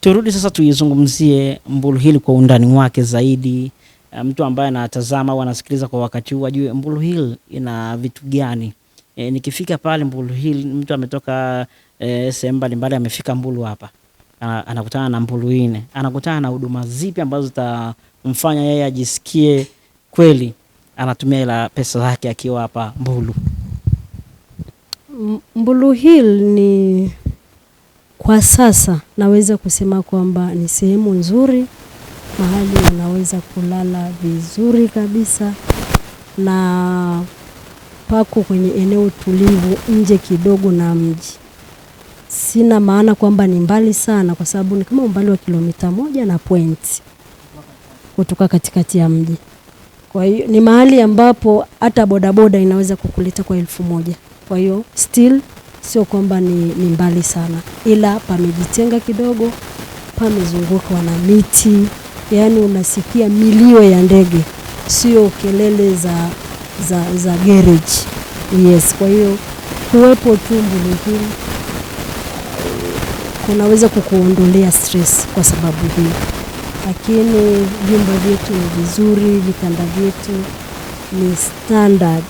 Turudi sasa tuizungumzie Mbulu Hill kwa undani wake zaidi. Eh, mtu ambaye anatazama au anasikiliza kwa wakati huu ajue Mbulu Hill ina vitu gani? E, nikifika pale Mbulu Hill mtu ametoka e, sehemu mbalimbali amefika Mbulu hapa anakutana na Mbulu ine, anakutana na huduma zipi ambazo zitamfanya yeye ajisikie kweli anatumia ila pesa zake akiwa hapa Mbulu? Mbulu Hill ni kwa sasa naweza kusema kwamba ni sehemu nzuri, mahali unaweza kulala vizuri kabisa na pako kwenye eneo tulivu nje kidogo na mji. Sina maana kwamba ni mbali sana, kwa sababu ni kama umbali wa kilomita moja na point kutoka katikati ya mji. Kwa hiyo ni mahali ambapo hata bodaboda inaweza kukuleta kwa elfu moja. Kwa hiyo still sio kwamba ni, ni mbali sana, ila pamejitenga kidogo, pamezungukwa na miti, yaani unasikia milio ya ndege, sio kelele za, za, za garage. Yes, kwa hiyo kuwepo tu Mbuluhii kunaweza kukuondolea stress kwa sababu hii, lakini vyumba vyetu ni vizuri, vitanda vyetu ni standard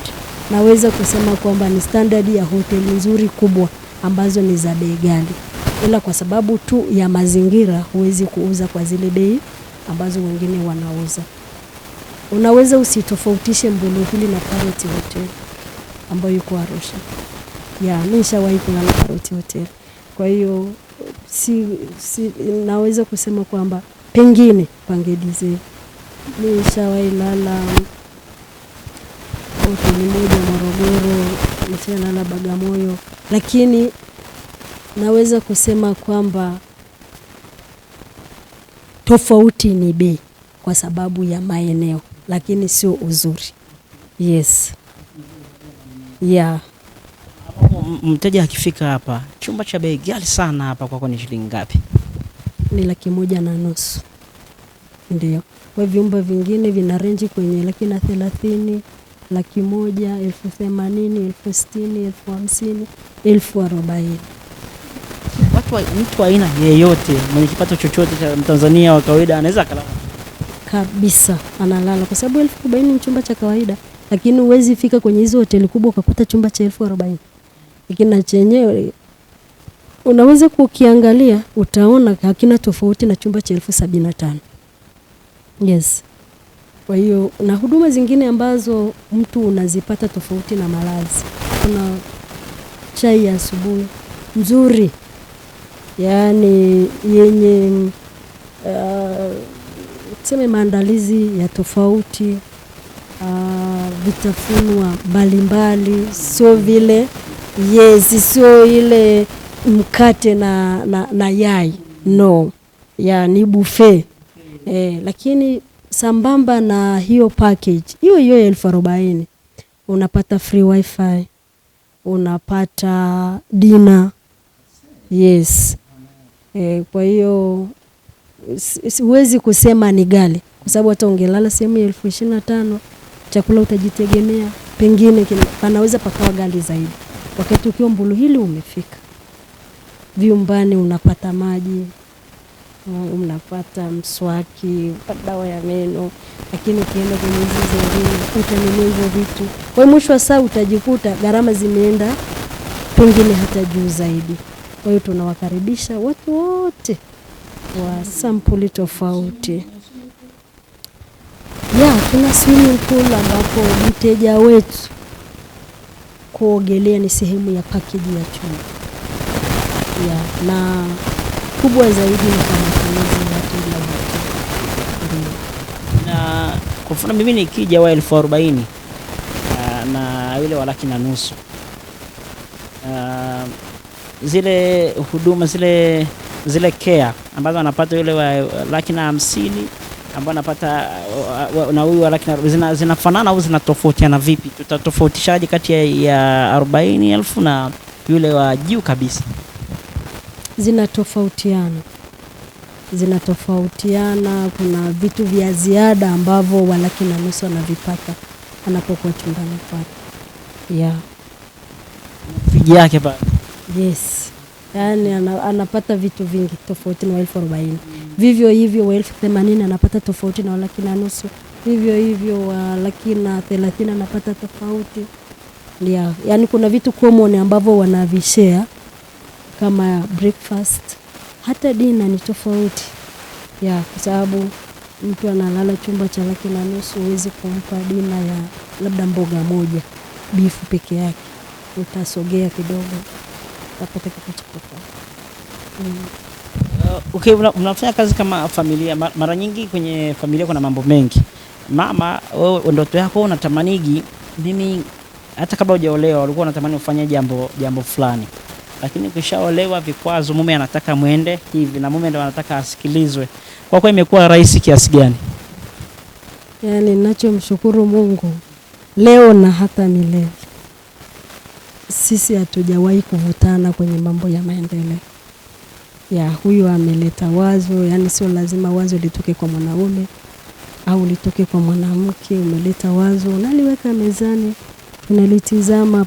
naweza kusema kwamba ni standard ya hoteli nzuri kubwa ambazo ni za bei gani, ila kwa sababu tu ya mazingira huwezi kuuza kwa zile bei ambazo wengine wanauza. Unaweza usitofautishe Mbulu Hili na Paroti Hotel ambayo iko Arusha. Ya, mimi nishawahi kulala Paroti Hotel, kwa hiyo si, si, naweza kusema kwamba pengine pangedize, mimi nishawahi lala tofauti, moja Morogoro, tena na Bagamoyo, lakini naweza kusema kwamba tofauti ni bei kwa sababu ya maeneo, lakini sio uzuri. Yes, yeah. Mteja akifika hapa, chumba cha bei ghali sana hapa kwako ni shilingi ngapi? Ni laki moja na nusu, ndio kwa vyumba vingine vina renji kwenye laki na thelathini laki moja, elfu themanini, elfu sitini, elfu hamsini, elfu arobaini. Watu mtu aina yeyote mwenye kipato chochote cha Mtanzania wa kawaida anaweza akalala kabisa, analala kwa sababu elfu arobaini ni chumba cha kawaida, lakini huwezi fika kwenye hizo hoteli kubwa ukakuta chumba cha elfu arobaini lakini na chenyewe unaweza kukiangalia utaona hakina tofauti na chumba cha elfu sabini na tano. Yes. Kwa hiyo na huduma zingine ambazo mtu unazipata tofauti na malazi, kuna chai ya asubuhi nzuri, yaani yenye uh, maandalizi ya tofauti uh, vitafunwa mbalimbali, sio vile yezi, sio ile mkate na, na, na yai no, yaani buffet eh, lakini sambamba na hiyo package hiyo hiyo ya elfu arobaini unapata free wifi, unapata dina yes. E, kwa hiyo huwezi kusema ni gali kwa sababu hata ungelala sehemu ya elfu ishirini na tano chakula utajitegemea, pengine panaweza pakawa gali zaidi, wakati ukiwa Mbuluhili umefika vyumbani, unapata maji Eh, unapata mswaki, dawa ya meno, lakini ukienda kwenye hizi zingine utanunua hivyo vitu. Kwa hiyo mwisho wa saa utajikuta gharama zimeenda pengine hata juu zaidi. Kwa hiyo tunawakaribisha watu wote wa sampuli tofauti ya tuna swimming pool ambapo mteja wetu kuogelea ni sehemu ya pakeji ya chuma ya na kubwa zaidi ni kwa matumizi ya Na kwa mfano mimi nikija wa elfu arobaini ah, na yule wa laki na nusu na, ah, zile huduma zile zile care ambazo anapata yule wa laki na hamsini ambao anapata ah, na huyu wa laki na zinafanana au zinatofautiana vipi? Tutatofautishaje kati ya arobaini elfu na yule wa juu kabisa? zinatofautiana zinatofautiana. Kuna vitu vya ziada ambavyo Walaki na nusu anavipata anapokuwa chumbani kwake yeah. Fiji yes, yaani anapata vitu vingi tofauti na elfu arobaini vivyo hivyo wa elfu themanini anapata tofauti na Walaki na nusu vivyo hivyo wa laki na thelathini anapata tofauti yeah. Yani kuna vitu common ambavyo wanavishea kama breakfast, hata dina ni tofauti ya kwa sababu mtu analala chumba cha laki na nusu, huwezi kumpa dina ya labda mboga moja bifu peke yake, utasogea kidogo utapata kitu cha kufanya mm. uh, Okay, mnafanya kazi kama familia. Mara nyingi kwenye familia kuna mambo mengi. Mama, wewe ndoto yako unatamanigi mimi hata kabla hujaolewa walikuwa unatamani ufanye jambo jambo fulani lakini ukishaolewa vikwazo, mume anataka mwende hivi na mume ndo anataka asikilizwe. kweli imekuwa rahisi kiasi gani? Yani, nachomshukuru Mungu leo na hata milele, sisi hatujawahi kuvutana kwenye mambo ya maendeleo ya huyu ameleta wazo, yani sio lazima wazo litoke kwa mwanaume au litoke kwa mwanamke. Umeleta wazo, unaliweka mezani, unalitizama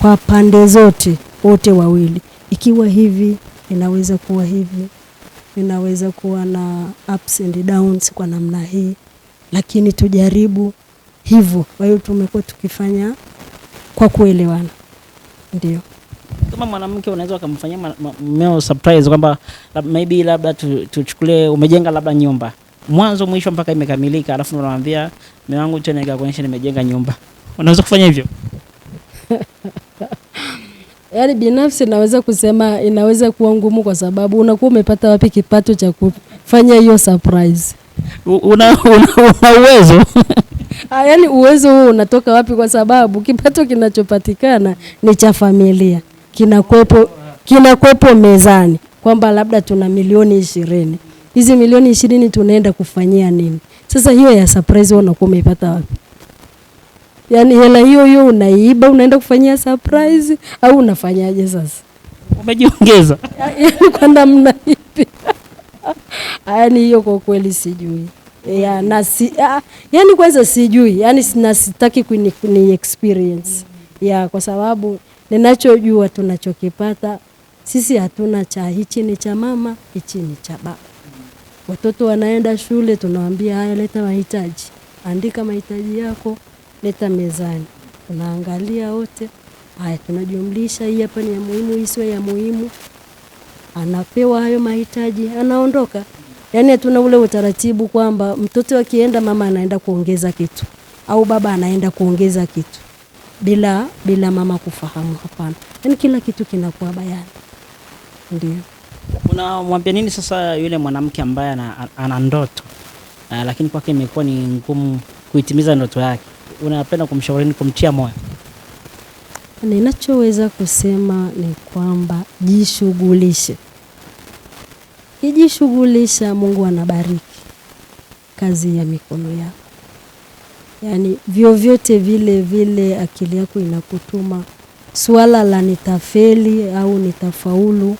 kwa pande zote wote wawili, ikiwa hivi inaweza kuwa hivi, inaweza kuwa na ups and downs kwa namna hii, lakini tujaribu hivyo. Kwa hiyo tumekuwa tukifanya kwa kuelewana, ndio kama mwanamke unaweza ukamfanyia mmeo surprise kwamba maybe labda tuchukulie, umejenga labda nyumba mwanzo mwisho mpaka imekamilika, alafu unamwambia mume wangu, tena nikakuonyesha nimejenga nyumba. Unaweza kufanya hivyo? Yaani binafsi naweza kusema inaweza kuwa ngumu kwa sababu unakuwa umepata wapi kipato cha kufanya hiyo surprise? Una, una, una uwezo ah, yaani uwezo huo unatoka wapi? Kwa sababu kipato kinachopatikana ni cha familia, kinakwepo kinakwepo mezani kwamba labda tuna milioni ishirini, hizi milioni ishirini tunaenda kufanyia nini? Sasa hiyo ya surprise unakuwa umepata wapi? yani hela hiyo hiyo unaiba unaenda kufanyia surprise au unafanyaje? Sasa umejiongeza kwa namna ipi? Yani hiyo kwa kweli sijui ya, na si, ya, yani kwanza sijui yani na sitaki kuni, kuni experience ya, kwa sababu ninachojua tunachokipata sisi hatuna cha hichi ni cha mama, hichi ni cha baba. Watoto wanaenda shule, tunawambia haya, leta mahitaji, andika mahitaji yako leta mezani, tunaangalia wote haya, tunajumlisha, hii hapa ni ya muhimu, hii sio ya muhimu, anapewa hayo mahitaji, anaondoka. Yaani hatuna ule utaratibu kwamba mtoto akienda mama anaenda kuongeza kitu au baba anaenda kuongeza kitu bila bila mama kufahamu. Hapana, yaani kila kitu kinakuwa bayana. Ndio unamwambia nini sasa yule mwanamke ambaye ana, ana ndoto uh, lakini kwake imekuwa ni ngumu kuitimiza ndoto yake unapenda kumshauri kumtia moyo? Ninachoweza kusema ni kwamba jishughulishe, kijishughulisha Mungu anabariki kazi ya mikono yako. Yaani vyovyote vile vile akili yako inakutuma suala la nitafeli au nitafaulu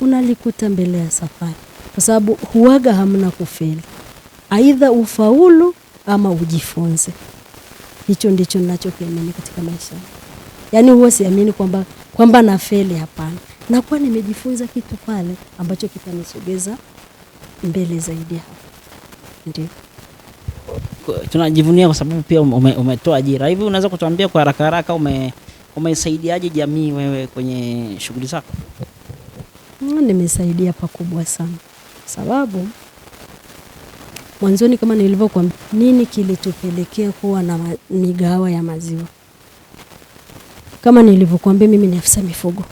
unalikuta mbele ya safari, kwa sababu huwaga hamna kufeli, aidha ufaulu ama ujifunze. Hicho ndicho ninachokiamini katika maisha. Yaani huwa siamini kwamba kwamba na feli, hapana. Nakuwa nimejifunza kitu pale ambacho kitanisogeza mbele zaidi hapo. Ndio tunajivunia kwa sababu pia ume, umetoa ajira. Hivi unaweza kutuambia kwa haraka haraka ume umesaidiaje jamii wewe kwenye shughuli zako? Mm, nimesaidia pakubwa sana, sababu mwanzoni, kama nilivyokuambia, nini kilitupelekea kuwa na migahawa ya maziwa? Kama nilivyokuambia, mimi ni afisa mifugo,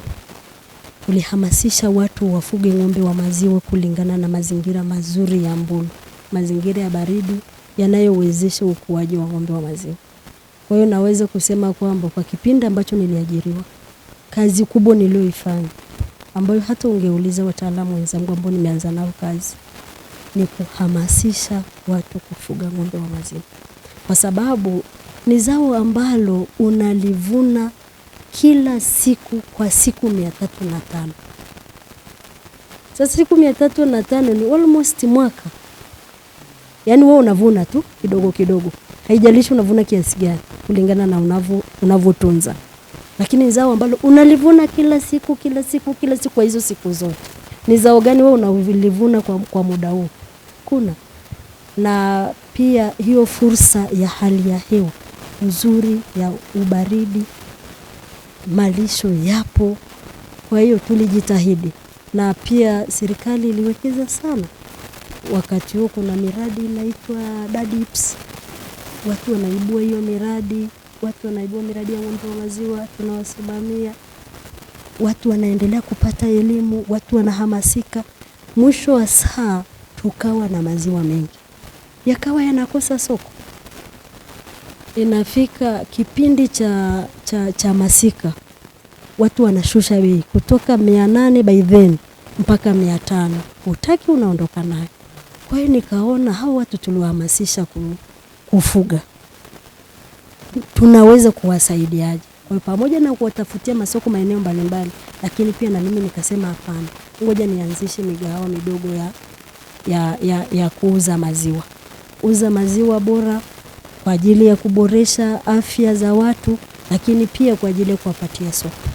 ulihamasisha watu wafuge ng'ombe wa maziwa kulingana na mazingira mazuri ya Mbulu, mazingira ya baridi yanayowezesha ukuaji wa ng'ombe wa maziwa. Kwa hiyo naweza kusema kwamba kwa kipindi ambacho niliajiriwa, kazi kubwa niliyoifanya ambayo hata ungeuliza wataalamu wenzangu ambao nimeanza nao kazi ni kuhamasisha watu kufuga ng'ombe wa maziwa, kwa sababu ni zao ambalo unalivuna kila siku kwa siku mia tatu na tano. Sasa siku mia tatu na tano ni almost mwaka, yaani wewe unavuna tu kidogo kidogo, haijalishi unavuna kiasi gani kulingana na unavyo unavyotunza, lakini ni zao ambalo unalivuna kila siku kila siku kila siku kwa hizo siku zote. Ni zao gani wewe unalivuna kwa, kwa muda huu? hakuna, na pia hiyo fursa ya hali ya hewa nzuri ya ubaridi, malisho yapo. Kwa hiyo tulijitahidi, na pia serikali iliwekeza sana wakati huo. Kuna miradi inaitwa DADIPS, watu wanaibua hiyo miradi, watu wanaibua miradi ya ng'ombe wa maziwa, tunawasimamia watu wanaendelea kupata elimu, watu wanahamasika. Mwisho wa saa tukawa na maziwa mengi, yakawa yanakosa soko. Inafika kipindi cha, cha, cha masika, watu wanashusha bei kutoka mia nane by then mpaka mia tano utaki unaondoka naye. Kwa hiyo nikaona hao watu tuliwahamasisha kufuga tunaweza kuwasaidiaje? Kwa hiyo pamoja na kuwatafutia masoko maeneo mbalimbali, lakini pia na mimi nikasema hapana, ngoja nianzishe migahawa midogo ya ya, ya, ya kuuza maziwa. Uza maziwa bora kwa ajili ya kuboresha afya za watu, lakini pia kwa ajili ya kuwapatia soko.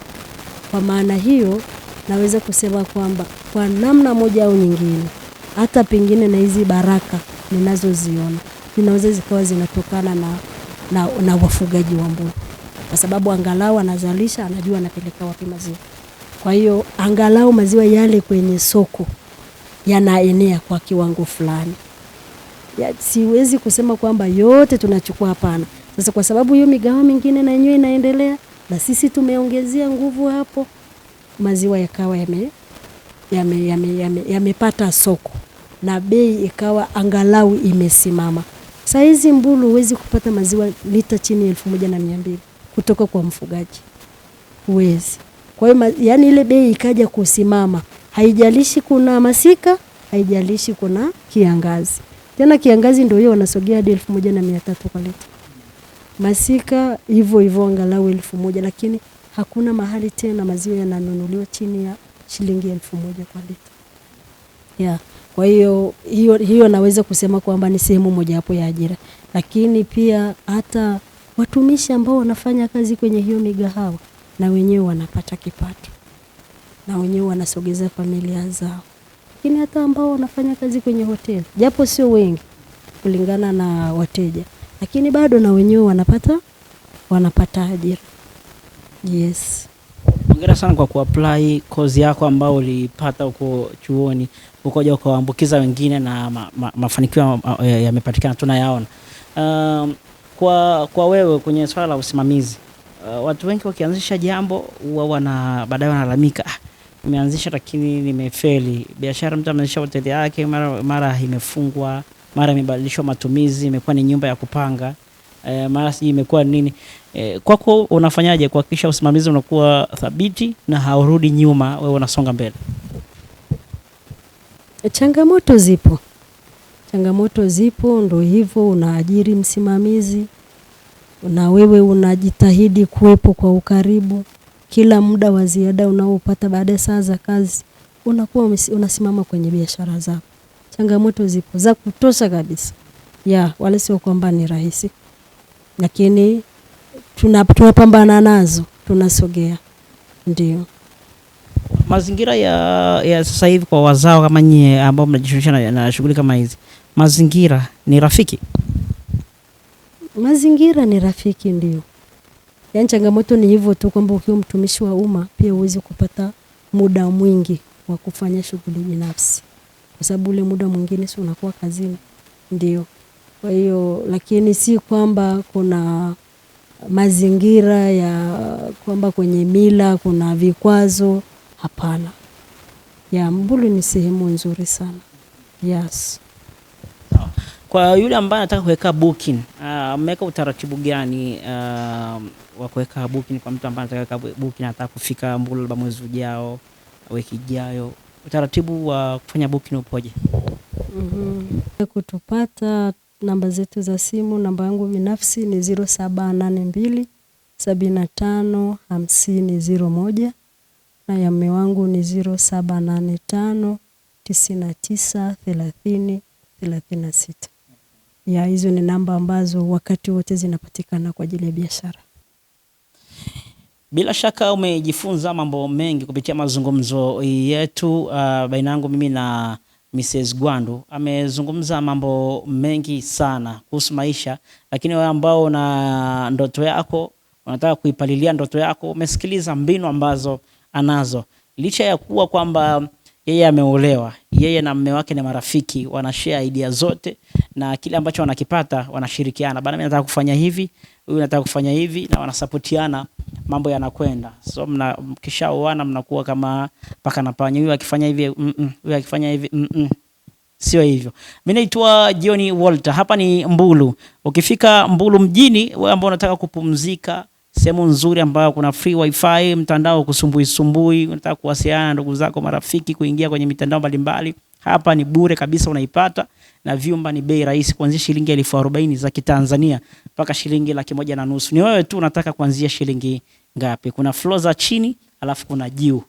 Kwa maana hiyo, naweza kusema kwamba kwa namna moja au nyingine, hata pengine na hizi baraka ninazoziona zinaweza zikawa zinatokana na, na, na wafugaji wa mbuzi, kwa sababu angalau anazalisha, anajua anapeleka wapi maziwa. Kwa hiyo angalau maziwa yale kwenye soko yanaenea kwa kiwango fulani. Ya, siwezi kusema kwamba yote tunachukua, hapana. Sasa kwa sababu hiyo migawa mingine na yenyewe inaendelea na sisi tumeongezea nguvu hapo, maziwa yakawa yamepata yame, yame, yame, yame soko na bei ikawa angalau imesimama. Saizi Mbulu huwezi kupata maziwa lita chini ya elfu moja na mia mbili kutoka kwa mfugaji, huwezi. Kwa hiyo yani ile bei ikaja kusimama haijalishi kuna masika, haijalishi kuna kiangazi. Tena kiangazi ndio hiyo wanasogea hadi elfu moja na mia tatu kwa lita, masika hivyo hivyo angalau elfu moja lakini hakuna mahali tena maziwa yananunuliwa chini ya shilingi elfu moja kwa lita yeah. Kwa hiyo hiyo, hiyo naweza kusema kwamba ni sehemu mojawapo ya ajira, lakini pia hata watumishi ambao wanafanya kazi kwenye hiyo migahawa na wenyewe wanapata kipato na wenyewe wanasogeza familia zao, lakini hata ambao wanafanya kazi kwenye hoteli, japo sio wengi kulingana na wateja, lakini bado na wenyewe wanapata wanapata ajira. Yes. Hongera sana kwa kuapply kozi yako ambao ulipata huko chuoni, ukoja ukawaambukiza wengine na ma, ma, mafanikio yamepatikana ya tunayaona. Um, kwa, kwa wewe kwenye swala la usimamizi uh, watu wengi wakianzisha jambo huwa wana baadaye wanalalamika ah, imeanzisha lakini nimefeli. Biashara, mtu ameanzisha hoteli yake, mara mara imefungwa, mara imebadilishwa matumizi, imekuwa ni nyumba ya kupanga e, mara sijui imekuwa nini e, kwako unafanyaje kuhakikisha usimamizi unakuwa thabiti na haurudi nyuma, wewe unasonga mbele? Eh, changamoto zipo, changamoto zipo, ndo hivyo, unaajiri msimamizi na wewe unajitahidi kuwepo kwa ukaribu kila muda wa ziada unaopata baada ya saa za kazi unakuwa unasimama kwenye biashara zako. Changamoto zipo za kutosha kabisa, ya wala sio kwamba ni rahisi, lakini tunapambana nazo, tunasogea. Ndio mazingira ya, ya sasa hivi kwa wazao kama nyie ambao mnajishughulisha na, na shughuli kama hizi, mazingira ni rafiki? Mazingira ni rafiki, ndio. Yaani changamoto ni hivyo tu kwamba ukiwa mtumishi wa umma pia huwezi kupata muda mwingi wa kufanya shughuli binafsi, kwa sababu ule muda mwingine si unakuwa kazini, ndio. Kwa hiyo lakini si kwamba kuna mazingira ya kwamba kwenye mila kuna vikwazo, hapana. ya Mbulu ni sehemu nzuri sana, yes. Kwa yule ambaye anataka kuweka booking, ah, ameweka uh, utaratibu gani uh, wa kuweka booking kwa mtu ambaye anataka kuweka booking, anataka kufika Mbulu labda mwezi ujao, wiki ijayo, utaratibu wa uh, kufanya booking upoje? mm -hmm. Kutupata namba zetu za simu, namba yangu binafsi ni 0782 75 50 01 na ya mme wangu ni saba nane tano tisa thelathini 30 sita ya hizo ni namba ambazo wakati wote zinapatikana kwa ajili ya biashara. Bila shaka umejifunza mambo mengi kupitia mazungumzo yetu. Uh, baina yangu mimi na Mrs. Gwandu amezungumza mambo mengi sana kuhusu maisha, lakini wewe ambao na ndoto yako unataka kuipalilia ndoto yako, umesikiliza mbinu ambazo anazo, licha ya kuwa kwamba yeye ameolewa, yeye na mme wake ni marafiki, wanashare idea zote na kile ambacho wanakipata wanashirikiana, bana, mimi nataka kufanya hivi, huyu nataka kufanya hivi, na wanasapotiana, mambo yanakwenda. So mna kishaoana, mnakuwa kama paka na panya, huyu akifanya hivi mm -mm, huyu akifanya hivi mm -mm. Sio hivyo. Mimi naitwa John Walter, hapa ni Mbulu. Ukifika Mbulu mjini, wewe ambao unataka kupumzika sehemu nzuri ambayo kuna free wifi, mtandao kusumbui sumbui, unataka kuwasiliana ndugu zako, marafiki, kuingia kwenye mitandao mbalimbali, hapa ni bure kabisa unaipata, na vyumba ni bei rahisi kuanzia shilingi elfu arobaini za Kitanzania mpaka shilingi laki moja na nusu. Ni wewe tu unataka kuanzia shilingi ngapi? Kuna floor za chini alafu kuna juu.